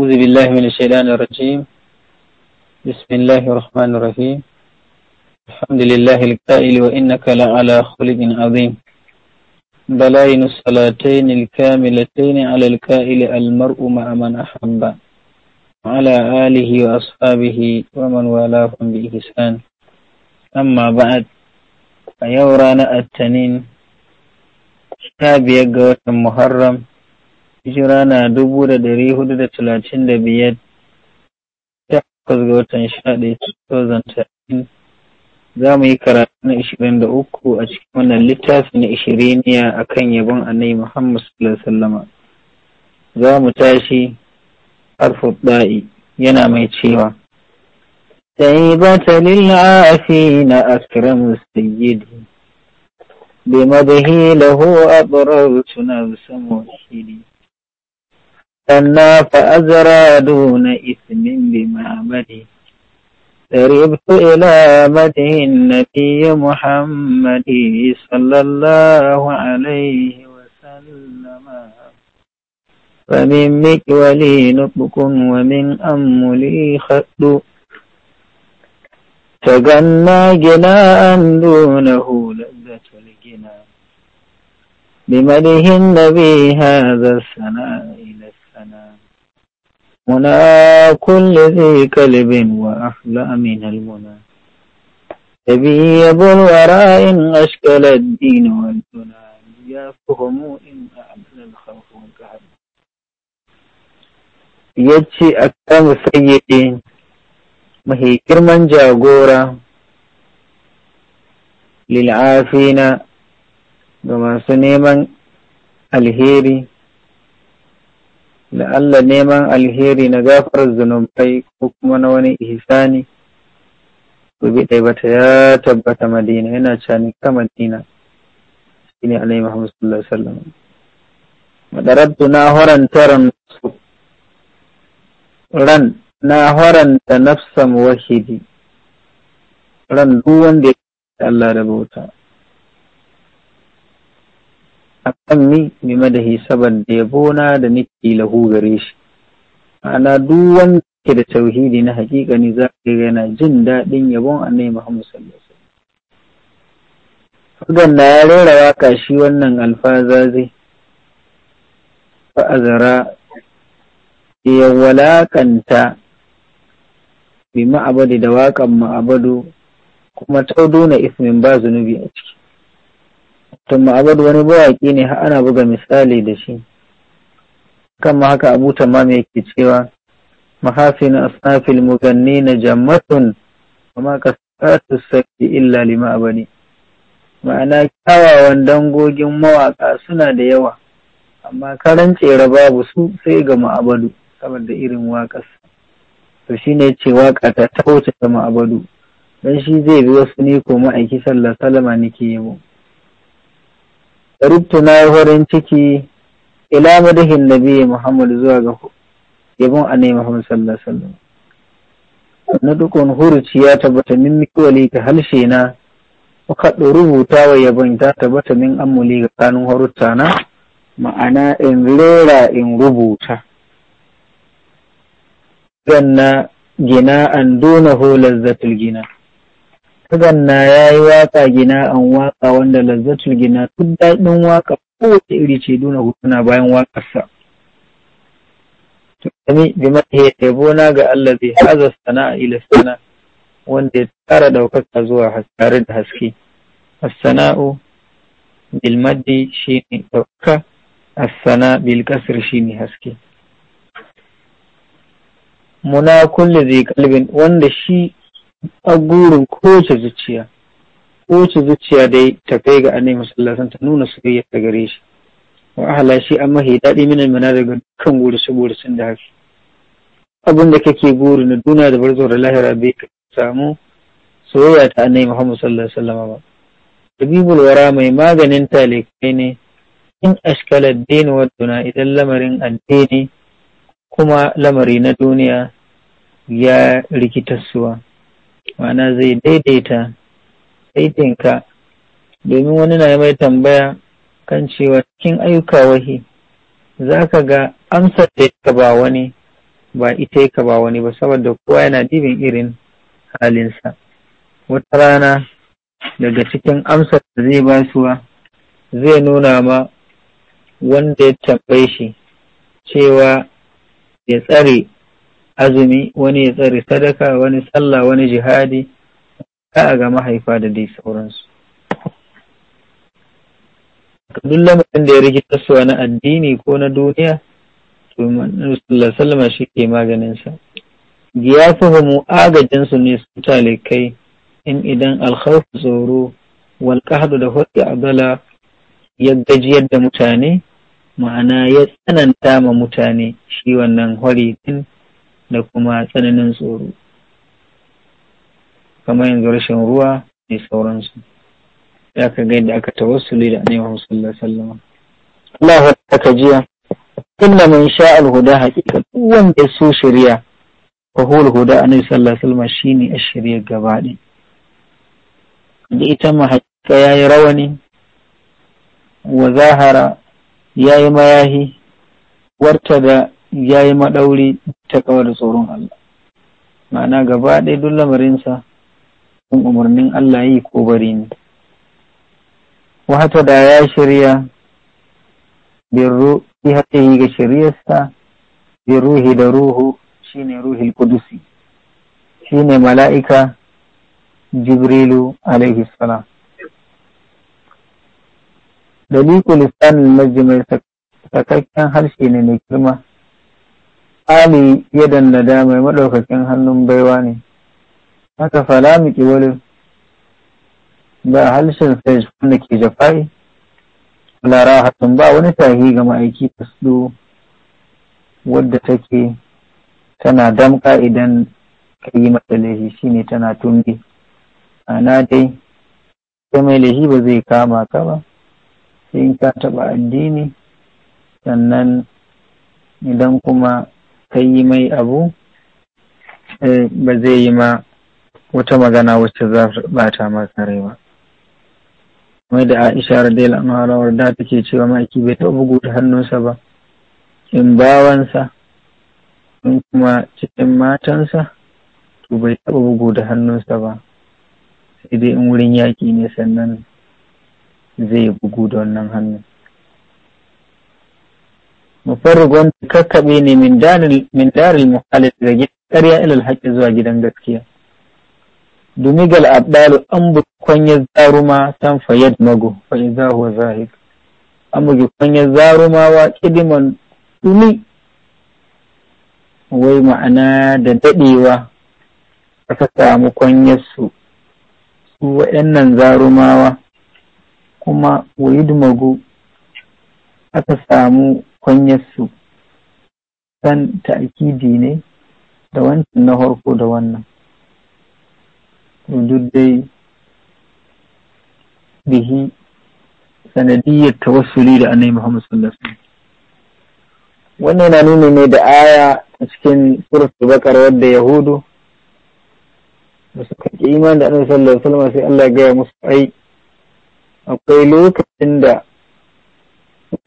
أعوذ بالله من الشيطان الرجيم بسم الله الرحمن الرحيم الحمد لله القائل وإنك لعلى خلق عظيم بلاين الصلاتين الكاملتين على الكائل المرء مع من أحب وعلى آله وأصحابه ومن والاهم بإحسان أما بعد فيورانا التنين شابية قوة محرم hijira na dubu da ɗari hudu da talatin da biyar ta takwas ga watan sha ɗaya 2010 za mu yi karatu na ishirin da uku a cikin wannan littafi na ishiriniya a kan yabon annai muhammad sallallahu sallama za mu tashi harfu ɗa'i yana mai cewa ta na طيبة للعافين أكرم السيد a له أبررت samun موحدي أنا فأزرى دون إثم بما بدي سربت إلى مده النبي محمد صلى الله عليه وسلم فمن مكولي نطق ومن أملي خد تجنى جناء دونه لذة الجنى بمده النبي هذا السلام منى كل ذي كلب وأحلى من المنى تبيب الوراء إن أشكل الدين والدنا يافهم إن أعمل الخوف والكهف yace a kan sayyade mahi girman jagora lil'afina ga masu neman alheri da Allah neman alheri na gafar zunubai ko kuma na wani ihsani ko bi ɗaya bata ya tabbata madina yana cani ka madina shine alaihi muhammad sallallahu alaihi wasallam madarabtu na horanta ran ran na horanta nafsan wahidi ran duk wanda ya Allah da bauta akan mi bi madahi saboda yabona da nake lahu gare shi ma'ana duk wanda ke da tauhidi na hakika ne za ka yana jin daɗin yabon annabi Muhammad sallallahu alaihi wasallam da ya rera waka shi wannan alfaza zai fa'azara ya walakanta bi ma'abadi da waƙan ma'abadu kuma taudona ismin ba zunubi a ciki ma'abar wani bawaƙi ne ana buga misali da shi. Kan ma haka Abu Tamam yake cewa na asnafil muganni na jammatun wa ma kasatu sarki illa li ma'abadi. Ma'ana kyawawan dangogin mawaƙa suna da yawa amma karan tsere babu su sai ga ma'abadu saboda irin waƙas. To shi ne ce waƙa ta ta ma'abadu don shi zai bi wasu ne ko ma'aiki sallallahu ke yi mu. rubta na yi farin ciki ila madahin nabi muhammadu zuwa ga yabon annabi muhammad sallallahu alaihi wasallam na dukkan huruci ya tabbata min mikwali ka halshe na muka rubuta wa yabon ta tabbata min amuli ga kanun harutta na ma'ana in rera in rubuta ganna gina an dona ho gina na ya yi waka gina an waƙa wanda lazzatul gina duk daɗin waƙa kowace iri ce duna hutuna bayan waƙarsa. Tunani bi mahe na ga Allah zai haza sana'a ila sana wanda ya tsara ɗaukaka zuwa tare da haske. As-sana'u bil shi ne ɗauka, as-sana bil shi ne haske. Muna kulle zai kalbin wanda shi a gurin kowace zuciya kowace zuciya dai ta kai ga annabi sallallahu ta nuna soyayya ta gare shi wa ahala shi an mahi daɗi min mana daga kan gurisu sun da haka abin da kake guri na duna da barzo da lahira bai ka samu soyayya ta annabi muhammad sallallahu alaihi ba tabibul wara mai maganin talikai ne in ashkala dini wa duna idan lamarin addini kuma lamari na duniya ya rikitarsuwa ma'ana zai daidaita ka, domin wani na mai tambaya kan cewa cikin ayyuka wahi za ka ga amsar da ya ba wani ba ita ya ba wani ba saboda kowa yana dibin irin halinsa wata rana daga cikin amsar da zai basuwa zai nuna ma wanda ya tambaye shi cewa ya tsare azumi wani ya tsare sadaka wani sallah wani jihadi a ga mahaifa da dai sauransu duk lamarin da ya rikita su na addini ko na duniya to sallama shi ke maganinsa ya fahimu agajinsu ne su talikai in idan alkhawfu tsoro wal da a bala ya gajiyar da mutane ma'ana ya tsananta ma mutane shi wannan hori din da kuma tsananin tsoro kamar yanzu rashin ruwa mai sauransu ya ka ga yadda aka tawassuli da annabi Muhammad sallallahu alaihi wasallam Allah ka jiya inna man sha al-huda haqiqa wanda so shari'a fa huwa al-huda annabi sallallahu alaihi wasallam shine ash-shari'a gaba da ita ma haqiqa rawani wa zahara ya yi mayahi warta da ya yi maɗauri kawar da tsoron Allah ma'ana gaba ɗaya duk lamarinsa Sun umarnin Allah yi ko bari ne wata da ya shirya haɗe yi ga shiryarsa ruhi da ruhu shine ruhi kudusi shine mala'ika jibrilu alaihi salam da liku lisanin mai sakakken harshe ne mai girma ali yadan nadama maɗaukakin hannun baiwa ne haka miki wani. ba halshen sai wanda ke jafai lara hatun ba wani tahi ga ma'aiki tasdu wadda take tana damka idan ka yi matsalahi shi shine tana tumbi ana dai sai mai lahi ba zai kama ka ba sai in ka taɓa addini sannan idan kuma ka yi mai abu eh, ba zai yi ma wata magana wacce za ta bata masa rai ba mai da aisha radiyallahu anha Warda da ke cewa maki bai taɓa bugu da hannunsa ba in bawansa in kuma cikin matansa to bai taɓa bugu da hannunsa ba sai dai in wurin yaƙi ne sannan zai bugu da wannan hannun wanda kakkaɓe ne min daril muhalil daga gidan ƙarya ilal haƙƙi zuwa gidan gaskiya dumigal abdalu an bu kwanye zaruma san fayad mago fa huwa zahid an bu kwanye zaruma wa kidiman dumi wai ma'ana da dadewa aka samu kwanyar su su waɗannan zarumawa kuma wayid mago aka samu kunyarsu san ta'kidi ne da wancan na harko da wannan duk dai bihi sanadiyyar tawassuli da annabi Muhammad sallallahu alaihi wannan yana nuni ne da aya a cikin suratul baqara wadda yahudu da suka ki imani da annabi sallallahu alaihi sai Allah ya gaya musu ai akwai lokacin da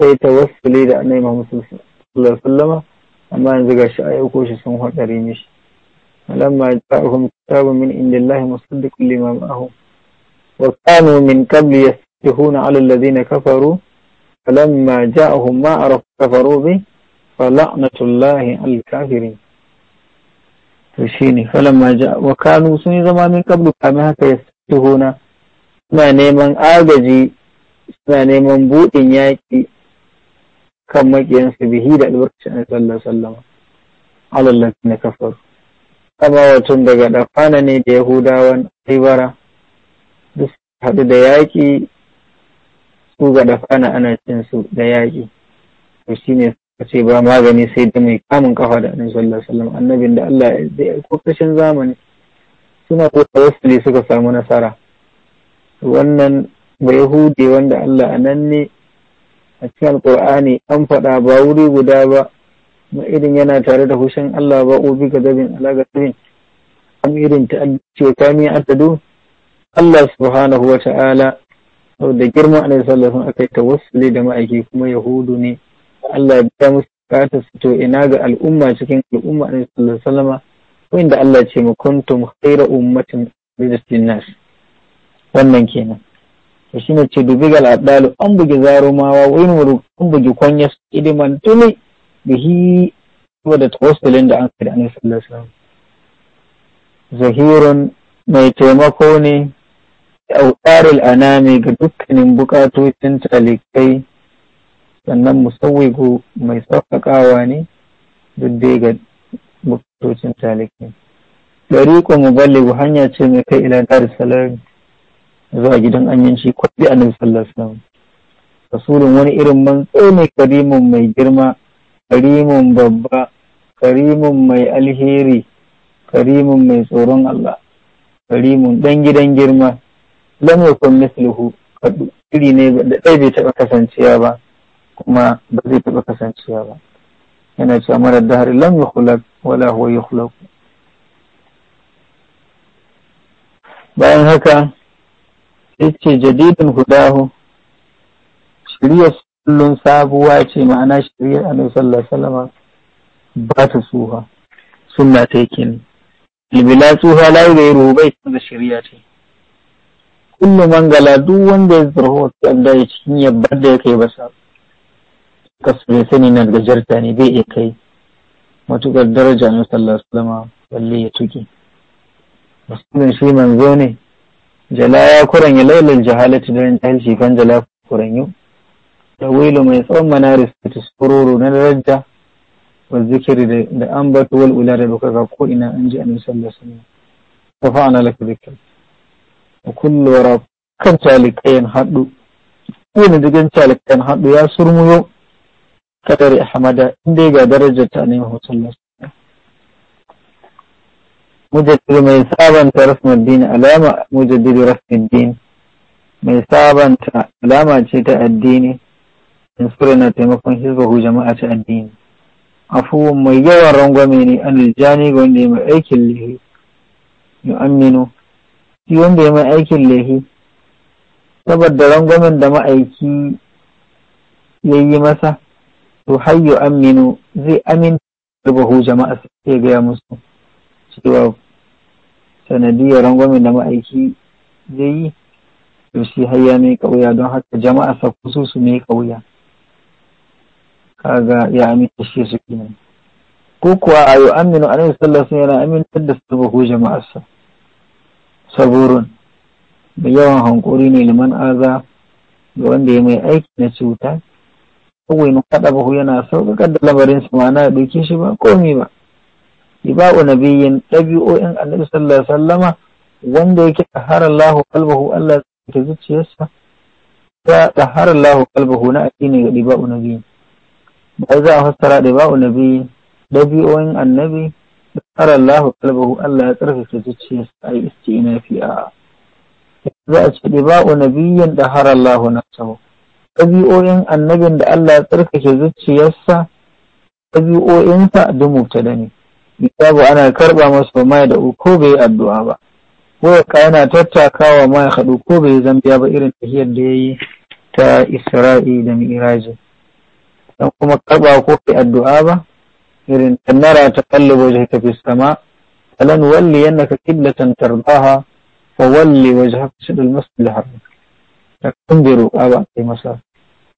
sai tawassuli da annabi Muhammad sallallahu alaihi wasallama amma yanzu gashi ayyuko shi sun hadari mishi lamma ja'ahum kitabun min indillahi musaddiqun lima ma'ahum wa kanu min qabli yastihuna 'ala alladhina kafaru فلما جاءهم ما عرف كفروا به فلعنة الله على الكافرين فشيني فلما جاء وكانوا سن زمان قبل كما هكا يستهون ما نيمان آجي ما نيمان بوطن ياكي kan maƙiyansa bihi da albarkacin an sallar sallama alallafi na kafar watan daga ɗafana ne da yahudawan ribara duk haɗu da yaƙi su ga ɗafana ana cin da yaƙi to shi ne suka ce ba magani sai da mai kamun kafa da annabi sallallahu alaihi annabin da Allah ya yi kashin zamani suna ko ne suka samu nasara wannan ba yahudi wanda Allah anan ne a cikin alƙur'ani an faɗa ba wuri guda ba ma irin yana tare da hushin Allah ba ubi ga zabin alaga zabin am irin ta ce kami atadu Allah subhanahu wa ta'ala da girma alaihi sallallahu aka yi tawassuli da ma'aiki kuma yahudu ne Allah ya biya musu bukatar su to ina ga al'umma cikin al'umma alaihi sallallahu sallama wanda Allah ce mu kuntum khayra ummatin rijistin nas wannan kenan to ne ce ga abdalu an bugi zarumawa wani wuri an bugi kwanya idiman tuni bihi wa da tawassulin da an kai da sallallahu zahirun mai taimako ne autaril anami ga dukkanin bukatocin talikai sannan musawwigo mai sauƙaƙawa ne duk dai ga bukatocin talikai dariƙo muballigu hanya ce mai kai ila dar salari. zuwa gidan anyanci shi kwaɗi annabi sallallahu alaihi rasulun wani irin manzo ne karimun mai girma karimun babba karimun mai alheri karimun mai tsoron Allah karimun ɗan gidan girma ya mislihu misluhu iri ne da ɗaya bai taɓa kasancewa ba kuma ba zai taɓa kasancewa ba yana cewa marar da lamu ya yukhlaq wala huwa yukhlaq bayan haka yace jadidun hudahu shirya kullum sabuwa ce ma'ana shirya annabi sallallahu alaihi ba ta tsuha sunna ta yake ne libila tsuha la rubai, bai da shirya ce kullum mangala duk wanda ya zarho a ya cikin yabbar da ya kai ba sa kasu bai sani na gajarta ne bai iya kai matukar daraja na sallallahu alaihi balle ya tuki ne shi manzo ne jala ya kuranya lailal jahalati daren jahilci kan jala da wilo mai tsawon manaris da tsororo na daraja wa zikiri da an batu wal ula da dokaka ko ina an ji annabi da alaihi ta fa'ana laka dhikr wa kullu kan talikayan hadu wani digan talikan hadu ya surmuyo kadari ahmada inda ga darajar ta ne sallallahu nasu mujaddid mai sabanta rasmin dini alama mujaddid rasmin dini mai sabanta alama ce ta addini in na taimakon hizbahu jama'a ta addini afuwan mai yawan rangwame ne an aljani mai aikin lehi yu'amminu shi wanda mai aikin lehi saboda rangwamen da ma'aiki ya yi masa to hayyu aminu zai amin rubahu jama'a sai gaya musu cewa sanadiyar rangwame da ma'aiki zai yi to shi har ya mai kauya don haka jama'a sa kusu su mai kauya kaga ya aminta shi su kenan ko kuwa a yi aminu a nan yana amintar da su jama'ar jama'arsa saburun da yawan hankuri ne liman aza ga wanda ya mai aiki na cuta kawai na kada bahu yana sauƙaƙar da lamarin su ma'ana ya ɗauke shi ba komi ba tiba'u nabiyyin ɗabi'o'in annabi sallallahu alaihi wasallama wanda yake tahara Allahu qalbahu Allah ta zuciyarsa ta tahara Allahu qalbahu na addini ga ɗiba'u nabiyyin ba za a fassara ɗiba'u nabiyyin ɗabi'o'in annabi tahara Allahu qalbahu Allah ya tsarkake zuciyarsa a ai istina fi a za a ce ɗiba'u nabiyyin tahara Allahu nafsahu ɗabi'o'in annabin da Allah ya tsarkake zuciyarsa ɗabi'o'insa dumu ta dani babu ana karba masa mai da ko bai addu'a ba wayaka yana tattakawa mai haɗu ko bai zambiya ba irin tahiyar da ya yi ta isra'i da mi'raji dan kuma karba ko bai addu'a ba irin tannara ta kallubo da ta fi sama alan walli yannaka qiblatan tarbaha wa walli wajhaka shidal masjidil haram ta kun bai roƙa ba kai masa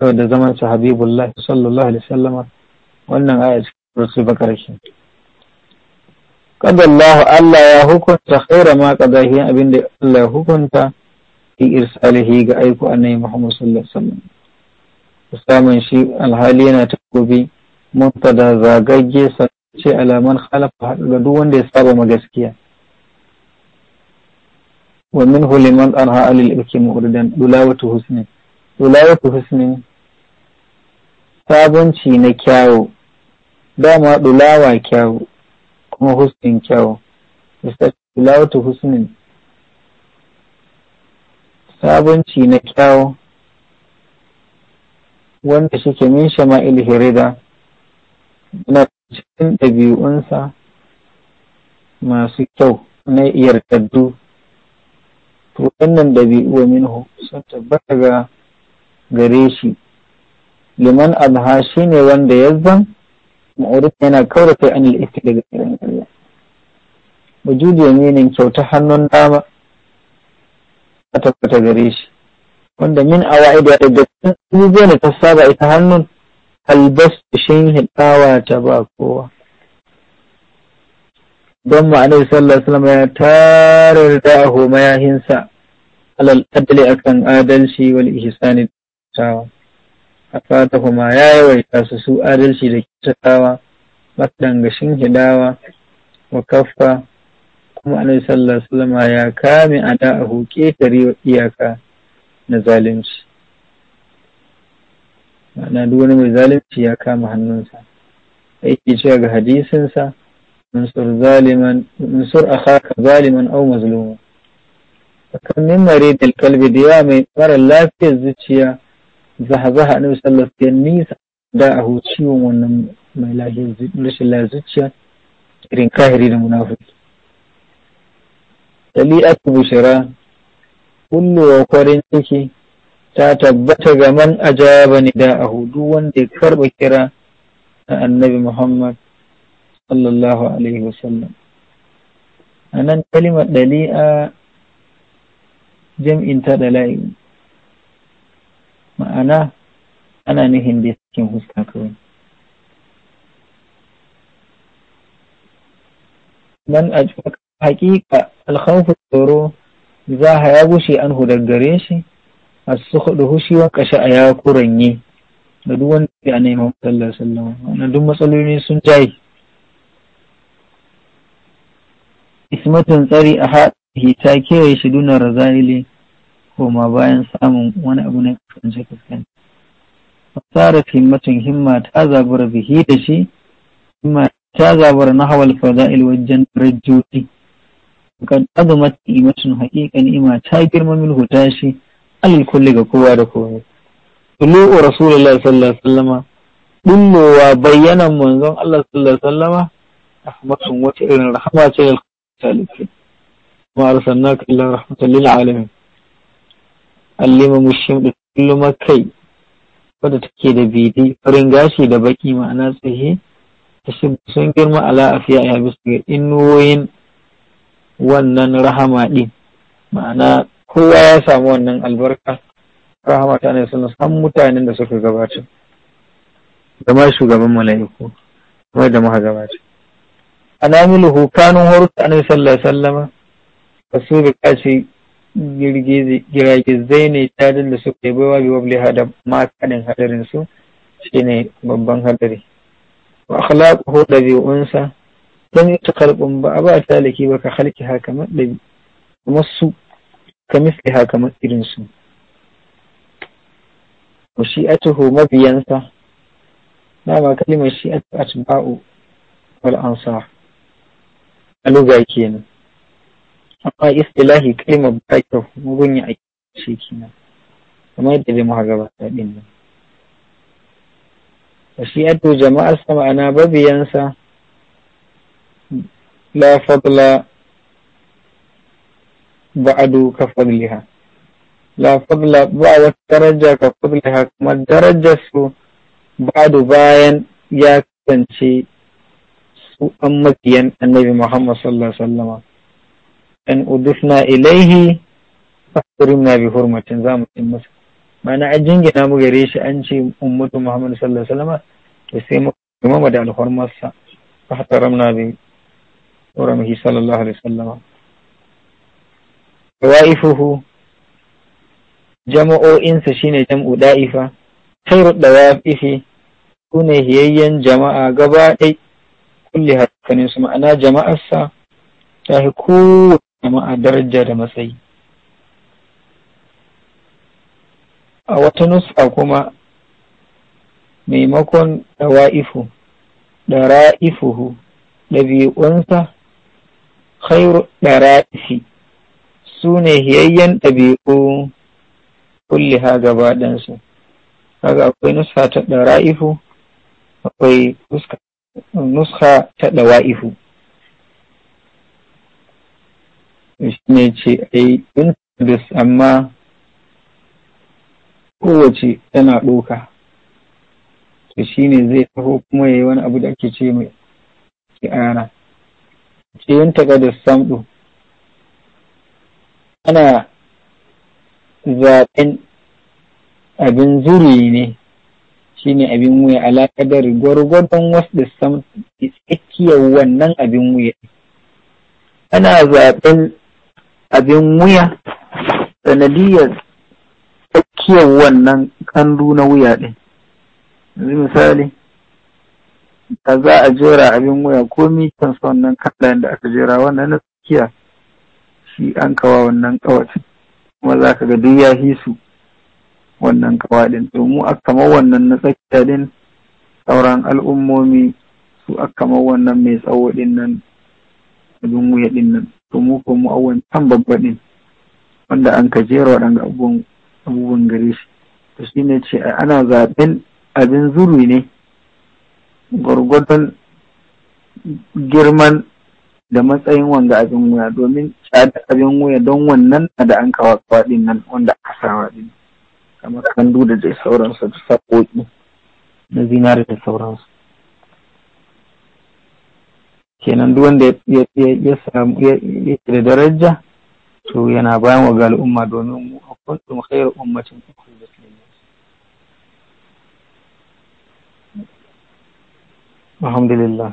da zaman sa habibullah sallallahu alaihi wasallama wannan aya ce ba bakar qadallahu Allah ya hukunta khaira ma qadahi abin da Allah ya hukunta fi irsalihi ga aiko annabi Muhammad sallallahu alaihi wasallam samun shi alhali yana takobi mutada zagagge sace alaman khalafa ga duk wanda ya saba ma gaskiya wa min liman anha alil ikim mu'ridan dulawatu husni dulawatu husni sabunci na kyawo dama dulawa kyawu kuma husnin kyau tilawatu husnin sabunci na kyau wanda shi ke min shama'il hirida na cikin ɗabi'unsa masu kyau na iyar kaddu to wannan ɗabi'u wa minhu sun tabbata ga gare shi liman alha shi ne wanda ya zan ma'urus yana kaura kai an al'isi daga tsirin Allah wujudi yaminin kyauta hannun dama a tabbata gare shi wanda min awa'i da daga sun abubuwan da ta saba ita hannun albas shin hidawa ta ba kowa don ma'anar sallallahu alaihi ya tarar da mayahinsa alal adali akan adalci wal ihsani tawa kuma ya yawaita su su adalci da kyautatawa matsalan gashin hidawa wa kaffa kuma alaihi sallallahu ya kame ada a hoke tare iyaka na zalunci ma'ana duk wani mai zalunci ya kama hannunsa aiki ce ga hadisinsa mansur zaliman mansur akhaka zaliman aw mazluma kan min maridil qalbi da yawa mai fara lafiyar zuciya zahazaha annabi sallallahu alaihi nisa da ahu ciwon wannan mai rashin lahiyar irin kahiri da munafiki ɗali'atu bushira kullowa kwarin ciki ta tabbata ga man ajaba da ahu hudu wanda ya karɓa kira na annabi muhammad sallallahu alaihi wasallam a nan kalimar ɗali'a jam'in ta ɗala'i ma'ana ana nufin da cikin huska kawai man a haƙiƙa alkhawfu tsoro za ya gushe an hudar gare shi a su hudu hushi wa a ya kuranye da duk wanda ya ne imam sallallahu alaihi wasallam wannan duk matsaloli sun jayi ismatun tsari a haɗi ta kewaye shi dunar razalili koma bayan samun wani abu na kasance kasance fasara himmatun himma ta zabura bihi da shi himma ta zabura na hawal fada'il wajen rajjoti kan azumat imatun haƙiƙa ni'ima ta girma min huta shi alal kulli ga kowa da kowa tulu'u rasulullahi sallallahu alaihi wasallama dullowa bayyanan manzon Allah sallallahu alaihi wasallama rahmatun wata irin rahama ce ga talibai ma arsalnaka illa rahmatan lil alamin allima mushim kulluma kai wadda take da bidi farin gashi da baki ma'ana tsaye ta sun girma ala afiya ya bisa ga inuwoyin wannan rahama din ma'ana kowa ya samu wannan albarka rahama ta ne suna san mutanen da suka gabata zama shugaban mala'iku kamar da muka gabata anamiluhu kanun horuta annabi sallallahu alaihi wasallama rasul kace giragizai ne tarin da suka yi baiwa bi wabli da makaɗin hadarin su ne babban hadari wa akhlaquhu dabi'unsa dan ta kalbun ba a ba talaki ba ka halki haka madabi kuma su ka misli haka irin su wa shi'atuhu mabiyansa dama kalimar shi'atu atba'u wal ansar aluga kenan amma istilahi kalmar ba kyau mugun ya ake kenan kamar yadda dai muka gabata din nan wasiyatu jama'ar sama ana babiyansa la fadla ba'adu ka fadliha la fadla ba wata daraja ka fadliha kuma darajar su ba'adu bayan ya kasance su an makiyan annabi Muhammad sallallahu alaihi wasallama in udufna ilaihi fahrimna bi hurmatin za mu cin masa ma'ana an jingina mu gare shi an ce ummatu muhammad sallallahu alaihi wasallam to sai mu kuma da alhurmarsa fahtaramna bi hurmihi sallallahu alaihi wasallam dawaifuhu jama'o'insa shine jam'u da'ifa khairu dawaifi sune hiyayyen jama'a gaba ɗai kulli harkanin su ma'ana jama'arsa ta hi kowace kuma a daraja da matsayi a wata nusa kuma maimakon dawa'ifu da ra'ifuhu ɗabi'unsa khairu ɗara'ifi su ne hiyayyen ɗabi'u kulli ha gaba ɗansu kaga akwai nusa ta ɗara'ifu akwai nuska ta ɗawa'ifu ne ce a yi infidus amma kowace tana ɗoka to shi ne zai taho kuma ya yi wani abu da ake ce mai ki'ana ce yin da samɗo ana zaɓen abin zuri ne shi ne abin wuya alaƙadar gwargwadon wasu da tsakiyar wannan abin wuya ana zaɓen abin wuya sanadiyar tsakiyar wannan kandu na wuya ɗin yanzu misali da za a jera abin wuya ko mitan su wannan kaɗayen da aka jera wannan na tsakiya shi an kawa wannan ƙawacin kuma za ka ga duk ya hisu wannan kawa domin a kamar wannan na tsakiya ɗin sauran al'ummomi su a kamar wannan mai tsawo ɗin nan abin wuya ɗin nan to mu ko mu awon tan babba ɗin wanda an ka jera waɗanda abubuwan gare shi to shi ne ce ana zaɓen abin zuri ne gwargwadon girman da matsayin wanga abin wuya domin tsada abin wuya don wannan da an kawo kwaɗin nan wanda aka sawa ɗin kamar kandu da dai sauransu da saƙoƙi na zinari da sauransu kenan duk wanda ya samu ya da daraja to yana bayan wa ga al'umma domin mu kuntum khairu ummatin ukhrijat lin-nas alhamdulillah